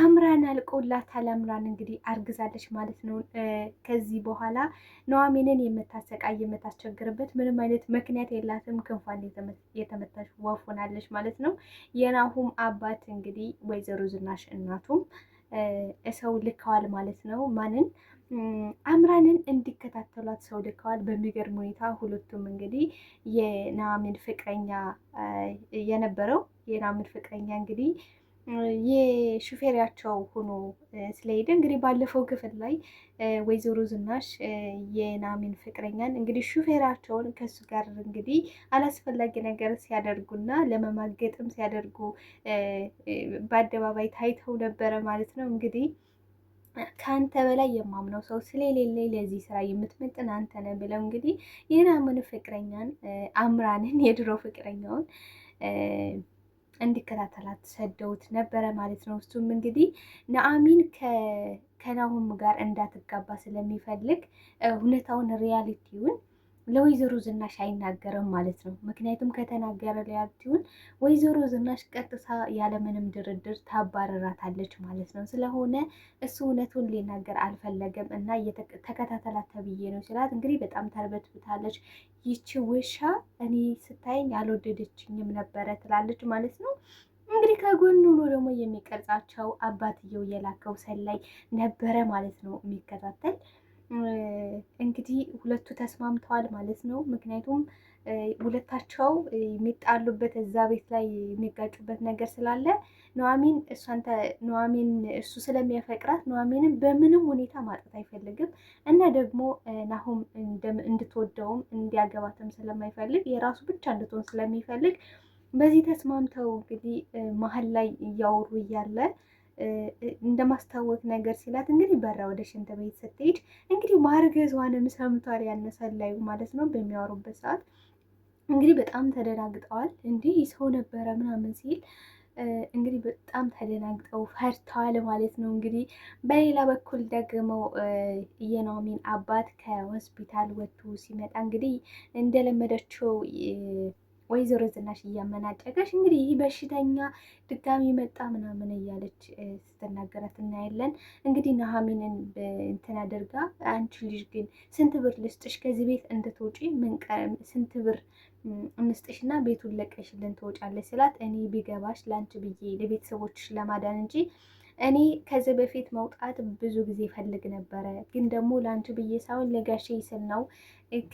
አምራን አልቆላታል። አምራን እንግዲህ አርግዛለች ማለት ነው። ከዚህ በኋላ ኑሐሚንን የምታሰቃይ የምታስቸግርበት ምንም አይነት ምክንያት የላትም። ክንፏን የተመታች ወፍ ሆናለች ማለት ነው። የናሁም አባት እንግዲህ ወይዘሮ ዝናሽ እናቱም ሰው ልከዋል ማለት ነው። ማንን አምራንን እንዲከታተሏት ሰው ልከዋል። በሚገርም ሁኔታ ሁለቱም እንግዲህ የኑሐሚን ፍቅረኛ የነበረው የኑሐሚን ፍቅረኛ እንግዲህ የሹፌሪያቸው ሆኖ ስለሄደ እንግዲህ ባለፈው ክፍል ላይ ወይዘሮ ዝናሽ የናሚን ፍቅረኛን እንግዲህ ሹፌራቸውን ከሱ ጋር እንግዲህ አላስፈላጊ ነገር ሲያደርጉና ለመማገጥም ሲያደርጉ በአደባባይ ታይተው ነበረ ማለት ነው እንግዲህ ከአንተ በላይ የማምነው ሰው ስለሌለ ለዚህ ስራ የምትመጥን አንተ ነህ ብለው እንግዲህ የናምን ፍቅረኛን አምራንን የድሮ ፍቅረኛውን እንዲከታተላት ሰደውት ነበረ ማለት ነው። እሱም እንግዲህ ነአሚን ከናሁም ጋር እንዳትጋባ ስለሚፈልግ ሁኔታውን ሪያሊቲውን ለወይዘሮ ዝናሽ አይናገርም ማለት ነው። ምክንያቱም ከተናገረ ሊያልቲውን ወይዘሮ ዝናሽ ቀጥታ ያለምንም ድርድር ታባረራታለች ማለት ነው። ስለሆነ እሱ እውነቱን ሊናገር አልፈለገም እና ተከታተላት ተብዬ ነው ስላት እንግዲህ በጣም ተርበትብታለች። ይቺ ውሻ እኔ ስታይኝ አልወደደችኝም ነበረ ትላለች ማለት ነው። እንግዲህ ከጎን ሆኖ ደግሞ የሚቀርጻቸው አባትየው የላከው ሰላይ ነበረ ማለት ነው የሚከታተል እንግዲህ ሁለቱ ተስማምተዋል ማለት ነው። ምክንያቱም ሁለታቸው የሚጣሉበት እዛ ቤት ላይ የሚጋጩበት ነገር ስላለ ኑሐሚን እሷንተ ኑሐሚን እሱ ስለሚያፈቅራት ኑሐሚንን በምንም ሁኔታ ማጣት አይፈልግም እና ደግሞ ናሁም እንድትወደውም እንዲያገባትም ስለማይፈልግ የራሱ ብቻ እንድትሆን ስለሚፈልግ በዚህ ተስማምተው እንግዲህ መሀል ላይ እያወሩ እያለ እንደማስታወቅ ነገር ሲላት እንግዲህ በራ ወደ ሽንት ቤት ስትሄድ እንግዲህ ማርገዟንም ሰምቷል ያነሰላዩ ማለት ነው። በሚያወሩበት ሰዓት እንግዲህ በጣም ተደናግጠዋል። እንዲህ ሰው ነበረ ምናምን ሲል እንግዲህ በጣም ተደናግጠው ፈርተዋል ማለት ነው። እንግዲህ በሌላ በኩል ደግሞ የኑሃሚን አባት ከሆስፒታል ወጥቶ ሲመጣ እንግዲህ እንደለመደችው ወይዘሮ ዝናሽ እያመናጨቀሽ እንግዲህ ይህ በሽተኛ ድጋሚ መጣ ምናምን እያለች ስትናገራት እናያለን። እንግዲህ ኑሐሚንን እንትን አድርጋ አንቺ ልጅ ግን ስንት ብር ልስጥሽ ከዚህ ቤት እንድትወጪ ስንት ብር እንስጥሽ እና ቤቱን ለቀሽልን ትወጫለች ስላት እኔ ቢገባሽ ለአንቺ ብዬ ለቤተሰቦችሽ ለማዳን እንጂ እኔ ከዚህ በፊት መውጣት ብዙ ጊዜ ፈልግ ነበረ፣ ግን ደግሞ ለአንቺ ብዬ ሳይሆን ለጋሼ ስል ነው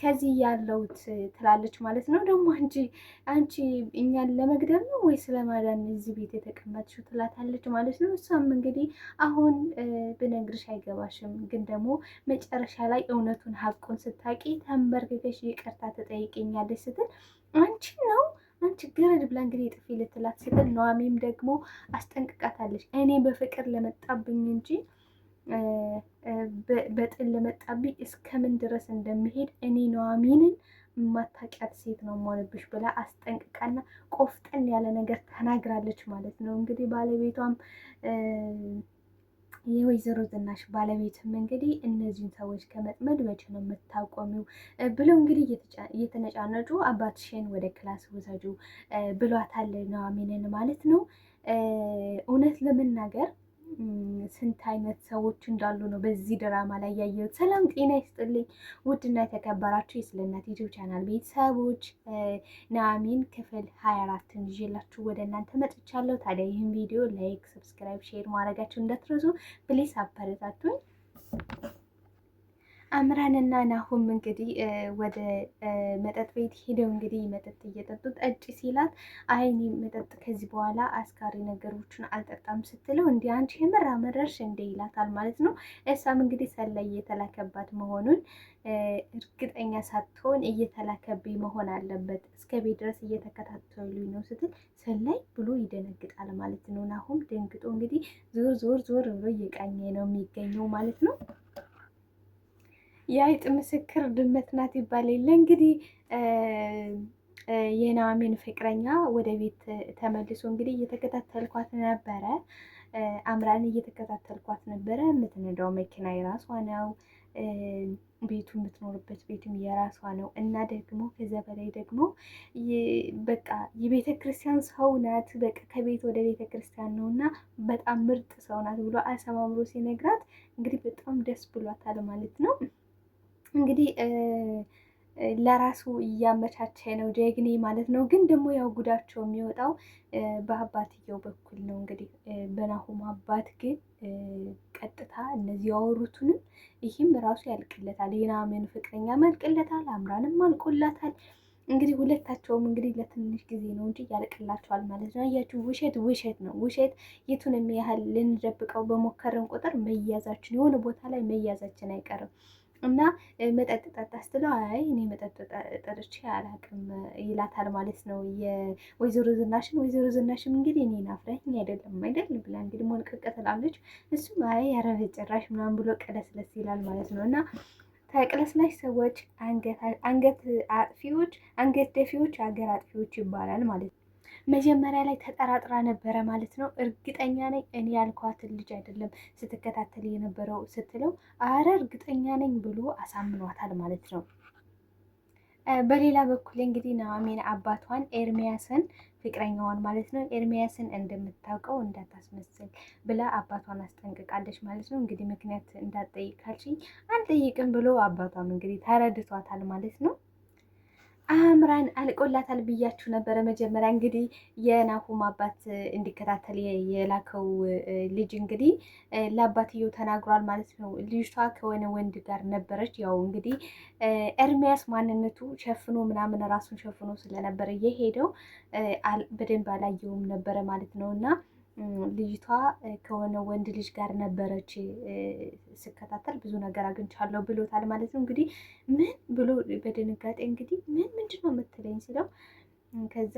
ከዚህ ያለውት ትላለች ማለት ነው። ደግሞ አንቺ አንቺ እኛን ለመግደል ነው ወይ ስለማዳን እዚህ ቤት የተቀመጥሽው ትላታለች ማለት ነው። እሷም እንግዲህ አሁን ብነግርሽ አይገባሽም፣ ግን ደግሞ መጨረሻ ላይ እውነቱን ሀቁን ስታቂ ተንበርክከሽ ይቅርታ ትጠይቀኛለች ስትል አንቺ ነው ችግር ገረድ ብላ እንግዲህ የጥፊ ልትላት ስትል ነዋሚም ደግሞ አስጠንቅቃታለች። እኔ በፍቅር ለመጣብኝ እንጂ በጥል ለመጣብኝ እስከምን ድረስ እንደሚሄድ እኔ ነዋሚንን የማታውቂያት ሴት ነው የምሆንብሽ ብላ አስጠንቅቃና ቆፍጠን ያለ ነገር ተናግራለች ማለት ነው። እንግዲህ ባለቤቷም የወይዘሮ ዝናሽ ባለቤትም እንግዲህ እነዚህን ሰዎች ከመጥመድ መቼ ነው የምታቆሚው ብለው እንግዲህ እየተነጫነጩ አባትሽን ወደ ክላስ ውሰጁ ብሏታል ነዋሚንን ማለት ነው እውነት ለመናገር ስንት አይነት ሰዎች እንዳሉ ነው በዚህ ድራማ ላይ ያየሁት። ሰላም ጤና ይስጥልኝ ውድና የተከበራችሁ የስለእናት ዩቲዩብ ቻናል ቤተሰቦች ኑሃሚን ክፍል ሀያ አራትን ይዤላችሁ ወደ እናንተ መጥቻለሁ። ታዲያ ይህን ቪዲዮ ላይክ፣ ሰብስክራይብ፣ ሼር ማድረጋችሁ እንዳትረሱ ፕሊስ አበረታቱኝ። አምራንና ናሁም እንግዲህ ወደ መጠጥ ቤት ሄደው እንግዲህ መጠጥ እየጠጡ ጠጭ ሲላት፣ አይኒ መጠጥ ከዚህ በኋላ አስካሪ ነገሮችን አልጠጣም ስትለው፣ እንዲ አንቺ የምር አመረርሽ እንደ ይላታል ማለት ነው። እሷም እንግዲህ ሰላይ እየተላከባት መሆኑን እርግጠኛ ሳትሆን እየተላከብኝ መሆን አለበት እስከ ቤት ድረስ እየተከታተሉ ነው ስትል፣ ሰላይ ብሎ ይደነግጣል ማለት ነው። ናሁም ደንግጦ እንግዲህ ዞር ዞር ዞር ብሎ እየቃኘ ነው የሚገኘው ማለት ነው። የአይጥ ምስክር ድመት ናት ይባል የለ እንግዲህ የኑሃሚን ፍቅረኛ ወደ ቤት ተመልሶ እንግዲህ እየተከታተልኳት ነበረ። አምራን እየተከታተልኳት ነበረ። የምትነዳው መኪና የራሷ ነው። ቤቱ የምትኖርበት ቤትም የራሷ ነው እና ደግሞ ከዚያ በላይ ደግሞ በቃ የቤተ ክርስቲያን ሰው ናት። በቃ ከቤት ወደ ቤተ ክርስቲያን ነው እና በጣም ምርጥ ሰው ናት ብሎ አሰማምሮ ሲነግራት እንግዲህ በጣም ደስ ብሏታል ማለት ነው። እንግዲህ ለራሱ እያመቻቸ ነው ጀግኔ ማለት ነው። ግን ደግሞ ያው ጉዳቸው የሚወጣው በአባትየው በኩል ነው። እንግዲህ በናሁም አባት ግን ቀጥታ እነዚህ ያወሩትንም ይህም ራሱ ያልቅለታል። የናምን ፍቅረኛም ያልቅለታል፣ አምራንም አልቆላታል። እንግዲህ ሁለታቸውም እንግዲህ ለትንሽ ጊዜ ነው እንጂ ያልቅላቸዋል ማለት ነው። እያችሁ ውሸት ውሸት ነው። ውሸት የቱንም ያህል ልንደብቀው በሞከርን ቁጥር መያዛችን የሆነ ቦታ ላይ መያዛችን አይቀርም። እና መጠጥ ጠጣ ስትለው አይ እኔ መጠጥ ጠጥቼ አላውቅም ይላታል ማለት ነው። የወይዘሮ ዝናሽን ወይዘሮ ዝናሽም እንግዲህ እኔን አፍረኝ አይደለም አይደለም ብላ እንግዲህ ሞልቀቅ ትላለች። እሱም አይ ኧረ በጭራሽ ምናምን ብሎ ቀለስለስ ይላል ማለት ነው እና ተቅለስላሽ ሰዎች አንገት አጥፊዎች፣ አንገት ደፊዎች አገር አጥፊዎች ይባላል ማለት ነው። መጀመሪያ ላይ ተጠራጥራ ነበረ ማለት ነው። እርግጠኛ ነኝ እኔ ያልኳትን ልጅ አይደለም ስትከታተል የነበረው ስትለው፣ አረ እርግጠኛ ነኝ ብሎ አሳምኗታል ማለት ነው። በሌላ በኩል እንግዲህ ኑሐሚን አባቷን ኤርሚያስን ፍቅረኛዋን ማለት ነው ኤርሚያስን እንደምታውቀው እንዳታስመስል ብላ አባቷን አስጠንቅቃለች ማለት ነው። እንግዲህ ምክንያት እንዳትጠይቅ ካልሽኝ አልጠይቅም ብሎ አባቷም እንግዲህ ተረድቷታል ማለት ነው። አምራን አልቆላታል ብያችሁ ነበረ። መጀመሪያ እንግዲህ የናሁም አባት እንዲከታተል የላከው ልጅ እንግዲህ ለአባትየው ተናግሯል ማለት ነው። ልጅቷ ከሆነ ወንድ ጋር ነበረች። ያው እንግዲህ ኤርሚያስ ማንነቱ ሸፍኖ ምናምን ራሱን ሸፍኖ ስለነበረ የሄደው በደንብ አላየውም ነበረ ማለት ነው እና ልጅቷ ከሆነ ወንድ ልጅ ጋር ነበረች ስከታተል ብዙ ነገር አግኝቻለሁ ብሎታል ማለት ነው። እንግዲህ ምን ብሎ በድንጋጤ እንግዲህ ምን ምንድን ነው የምትለኝ ሲለው ከዛ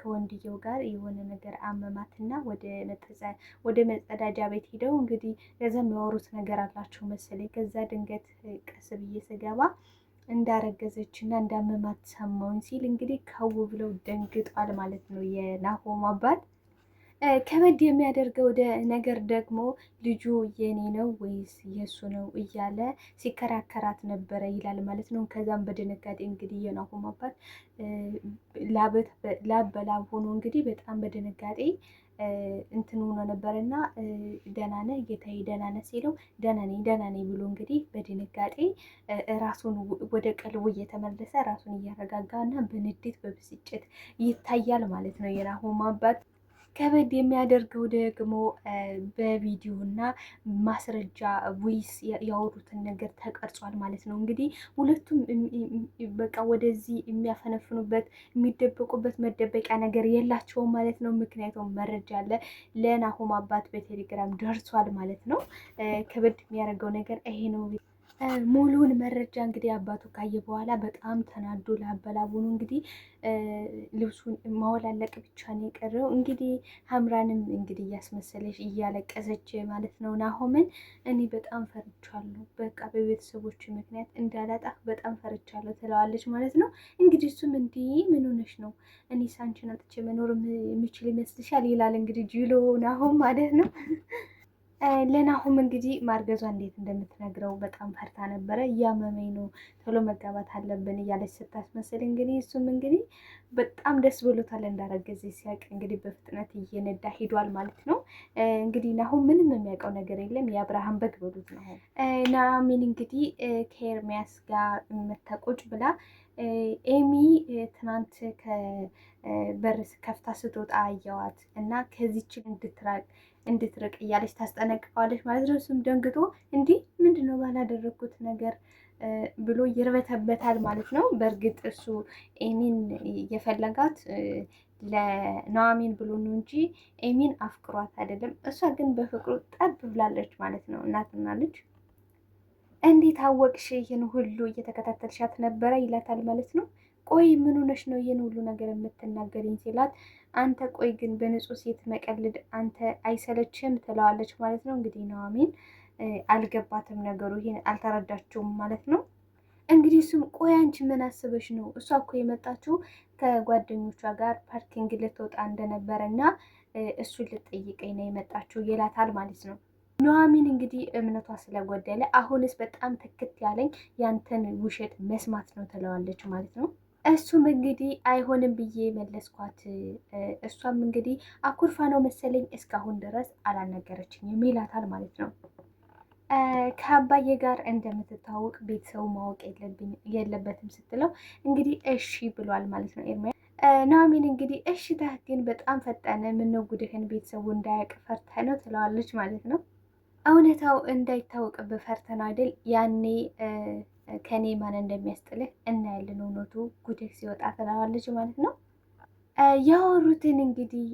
ከወንድየው ጋር የሆነ ነገር አመማትና ወደ መጸዳጃ ቤት ሄደው እንግዲህ ከዛ የሚያወሩት ነገር አላቸው መሰለኝ። ከዛ ድንገት ቀስ ብዬ ስገባ እንዳረገዘች እና እንዳመማት ሰማውን ሲል እንግዲህ ከው ብለው ደንግጧል ማለት ነው የናሆም አባት። ከበድ የሚያደርገው ነገር ደግሞ ልጁ የኔ ነው ወይስ የእሱ ነው እያለ ሲከራከራት ነበረ ይላል ማለት ነው። ከዛም በድንጋጤ እንግዲህ የናሆም አባት ላብ በላብ ሆኖ እንግዲህ በጣም በድንጋጤ እንትን ሆኖ ነበር እና ደህና ነህ ጌታዬ፣ ደህና ነህ ሲለው ደህና ነኝ ደህና ነኝ ብሎ እንግዲህ በድንጋጤ ራሱን ወደ ቀልቡ እየተመለሰ ራሱን እያረጋጋ እና በንዴት በብስጭት ይታያል ማለት ነው የናሆም አባት ከበድ የሚያደርገው ደግሞ በቪዲዮ እና ማስረጃ ቮይስ ያወሩትን ነገር ተቀርጿል ማለት ነው። እንግዲህ ሁለቱም በቃ ወደዚህ የሚያፈነፍኑበት የሚደበቁበት መደበቂያ ነገር የላቸውም ማለት ነው። ምክንያቱም መረጃ አለ። ለናሆም አባት በቴሌግራም ደርሷል ማለት ነው። ከበድ የሚያደርገው ነገር ይሄ ነው። ሙሉውን መረጃ እንግዲህ አባቱ ካየ በኋላ በጣም ተናዶ ላበላቡኑ እንግዲህ ልብሱን ማወላለቅ ብቻ ነው የቀረው። እንግዲህ ሀምራንም እንግዲህ እያስመሰለች እያለቀሰች ማለት ነው ናሆምን እኔ በጣም ፈርቻለሁ፣ በቃ በቤተሰቦች ምክንያት እንዳላጣፍ በጣም ፈርቻለሁ ትለዋለች ማለት ነው። እንግዲህ እሱም እንዲህ ምን ሆነሽ ነው እኔ ሳንችን አጥቼ መኖር የምችል ይመስልሻል? ይላል እንግዲህ ጅሎ ናሆም ማለት ነው። ለናሁም እንግዲህ ማርገዟ እንዴት እንደምትነግረው በጣም ፈርታ ነበረ። እያመመኝ ነው ቶሎ መጋባት አለብን እያለች ስታስመስል እንግዲህ እሱም እንግዲህ በጣም ደስ ብሎታል እንዳረገዘ ሲያቅ እንግዲህ በፍጥነት እየነዳ ሂዷል ማለት ነው። እንግዲህ ናሁም ምንም የሚያውቀው ነገር የለም የአብርሃም በግ በሉት ነው። ናሚን እንግዲህ ከኤርሚያስ ጋር መተቆጭ ብላ ኤሚ ትናንት ከበር ከፍታ ስትወጣ አየዋት እና ከዚች እንድትራቅ እንድትርቅ እያለች ታስጠነቅቀዋለች ማለት ነው። እሱም ደንግጦ እንዲህ ምንድን ነው ባላደረግኩት ነገር ብሎ ይርበተበታል ማለት ነው። በእርግጥ እሱ ኤሚን የፈለጋት ለኑሐሚን ብሎ ነው እንጂ ኤሚን አፍቅሯት አይደለም። እሷ ግን በፍቅሩ ጠብ ብላለች ማለት ነው እናትና ልጅ እንዴት አወቅሽ? ይህን ሁሉ እየተከታተልሻት ነበረ ይላታል ማለት ነው። ቆይ ምን ሆነሽ ነው ይህን ሁሉ ነገር የምትናገርኝ? ሲላት አንተ ቆይ ግን በንጹህ ሴት መቀልድ አንተ አይሰለችም? ትለዋለች ማለት ነው። እንግዲህ ኑሐሚን አልገባትም ነገሩ፣ ይህን አልተረዳችውም ማለት ነው። እንግዲህ እሱም ቆይ አንቺ ምን አስበሽ ነው? እሷ እኮ የመጣችው ከጓደኞቿ ጋር ፓርኪንግ ልትወጣ እንደነበረ እና እሱን ልትጠይቀኝ ነው የመጣችው ይላታል ማለት ነው። ኑሐሚን እንግዲህ እምነቷ ስለጎደለ አሁንስ በጣም ትክት ያለኝ ያንተን ውሸት መስማት ነው ትለዋለች ማለት ነው። እሱም እንግዲህ አይሆንም ብዬ መለስኳት። እሷም እንግዲህ አኩርፋ ነው መሰለኝ እስካሁን ድረስ አላልነገረችኝም ይላታል ማለት ነው። ከአባዬ ጋር እንደምትታወቅ ቤተሰቡ ማወቅ የለበትም ስትለው እንግዲህ እሺ ብሏል ማለት ነው። ኤርሚያ ኑሐሚን እንግዲህ እሺ ታህ ግን በጣም ፈጠነ፣ ምነው ጉድህን ቤተሰቡ እንዳያውቅ ፈርተህ ነው ትለዋለች ማለት ነው። እውነታው እንዳይታወቅ ብፈርተን አይደል ያኔ ከኔ ማን እንደሚያስጥልህ እናያለን። እውነቱ ጉድህ ሲወጣ ትላለች ማለት ነው። ያወሩትን እንግዲህ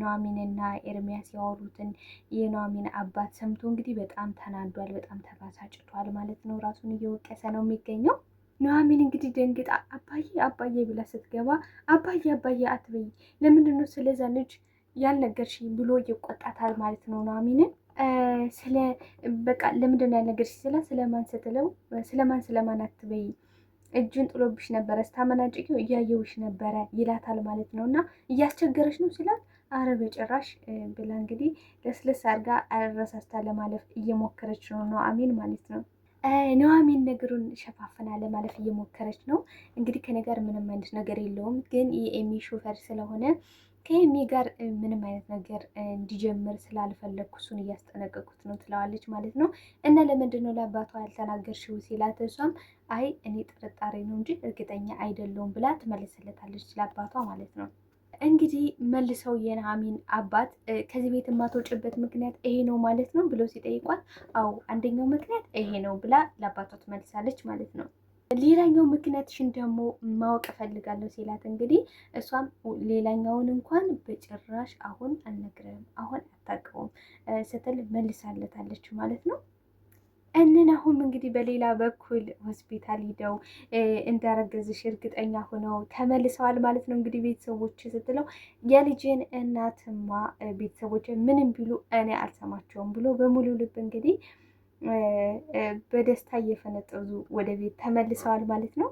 ኑሐሚንና ኤርሚያስ ያወሩትን የኑሐሚን አባት ሰምቶ እንግዲህ በጣም ተናዷል፣ በጣም ተበሳጭቷል ማለት ነው። ራሱን እየወቀሰ ነው የሚገኘው። ኑሐሚን እንግዲህ ደንግጣ አባዬ አባዬ ብላ ስትገባ አባዬ አባዬ አትበይ፣ ለምንድን ነው ስለዛ ልጅ ያልነገርሽ ብሎ ይቆጣታል ማለት ነው ኑሐሚንን ስለ በቃ ለምንድን ነው ነገር ስላት ስለማን ስትለው ስለማን ስለማን አትበይ እጁን ጥሎብሽ ነበረ ስታመናጭቂው እያየውሽ ነበረ ይላታል ማለት ነው። እና እያስቸገረች ነው ሲላት አረ በጭራሽ ብላ እንግዲህ ለስለስ አድርጋ አረሳስታ ለማለፍ እየሞከረች ነው ኑሐሚን ማለት ነው። ኑሐሚን ነገሩን ሸፋፍና ለማለፍ እየሞከረች ነው። እንግዲህ ከነገር ምንም አይነት ነገር የለውም ግን የኤሚ ሾፌር ስለሆነ ከየሚ ጋር ምንም አይነት ነገር እንዲጀምር ስላልፈለግኩ እሱን እያስጠነቀቅኩት ነው ትለዋለች ማለት ነው። እና ለምንድን ነው ለአባቷ ያልተናገርሽው ሲላት እሷም አይ እኔ ጥርጣሬ ነው እንጂ እርግጠኛ አይደለውም ብላ ትመልስለታለች ለአባቷ ማለት ነው። እንግዲህ መልሰው የኑሐሚን አባት ከዚህ ቤት የማትወጭበት ምክንያት ይሄ ነው ማለት ነው ብሎ ሲጠይቋት፣ አዎ አንደኛው ምክንያት ይሄ ነው ብላ ለአባቷ ትመልሳለች ማለት ነው። ሌላኛው ምክንያትሽን ደግሞ ማወቅ እፈልጋለሁ ሲላት እንግዲህ እሷም ሌላኛውን እንኳን በጭራሽ አሁን አልነግረም አሁን አታውቀውም ስትል መልሳለታለች ማለት ነው። እንን አሁን እንግዲህ በሌላ በኩል ሆስፒታል ሂደው እንዳረገዝሽ እርግጠኛ ሆነው ተመልሰዋል ማለት ነው። እንግዲህ ቤተሰቦች ስትለው የልጅን እናትማ ቤተሰቦች ምንም ቢሉ እኔ አልሰማቸውም ብሎ በሙሉ ልብ እንግዲህ በደስታ እየፈነጠዙ ወደ ቤት ተመልሰዋል ማለት ነው።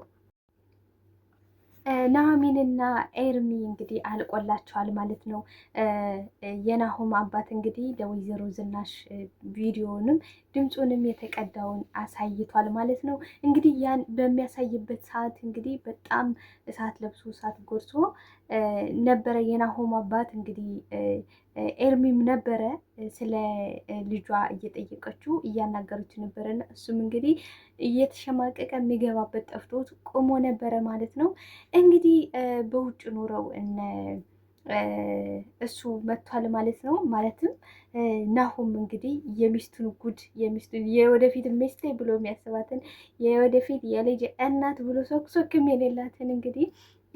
ኑሐሚንና ኤርሚ እንግዲህ አልቆላቸዋል ማለት ነው። የናሆም አባት እንግዲህ ለወይዘሮ ዝናሽ ቪዲዮንም ድምፁንም የተቀዳውን አሳይቷል ማለት ነው። እንግዲህ ያን በሚያሳይበት ሰዓት እንግዲህ በጣም እሳት ለብሶ እሳት ጎርሶ ነበረ። የናሆም አባት እንግዲህ ኤርሚም ነበረ ስለ ልጇ እየጠየቀችው እያናገረች ነበረና እሱም እንግዲህ እየተሸማቀቀ የሚገባበት ጠፍቶት ቆሞ ነበረ ማለት ነው። እንግዲህ በውጭ ኑረው እነ እሱ መጥቷል ማለት ነው። ማለትም ናሁም እንግዲህ የሚስቱን ጉድ የሚስቱን የወደፊት ሚስቴ ብሎ የሚያስባትን የወደፊት የልጅ እናት ብሎ ሶክሶክም የሌላትን እንግዲህ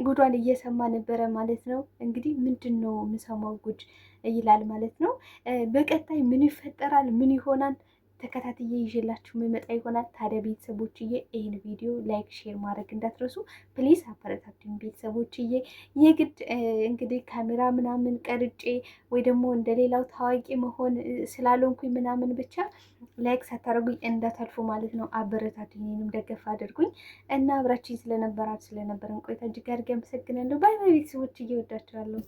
ጉዷን እየሰማ ነበረ ማለት ነው። እንግዲህ ምንድን ነው የምሰማው ጉድ ይላል ማለት ነው። በቀጣይ ምን ይፈጠራል? ምን ይሆናል? ተከታትዬ ይዤላችሁ መመጣ ይሆናል። ታዲያ ቤተሰቦችዬ ይህን ቪዲዮ ላይክ፣ ሼር ማድረግ እንዳትረሱ ፕሊዝ፣ አበረታቱኝ ቤተሰቦችዬ። የግድ እንግዲህ ካሜራ ምናምን ቀርጬ ወይ ደግሞ እንደሌላው ታዋቂ መሆን ስላልሆንኩኝ ምናምን ብቻ ላይክ ሳታደርጉኝ እንዳታልፉ ማለት ነው። አበረታቱኝ፣ ወይም ደገፍ አድርጉኝ እና አብራችኝ ስለነበራችሁ ስለነበረን ቆይታ እጅግ አድርጌ አመሰግናለሁ። ባይ ባይ ቤተሰቦችዬ፣ ወዳችኋለሁ።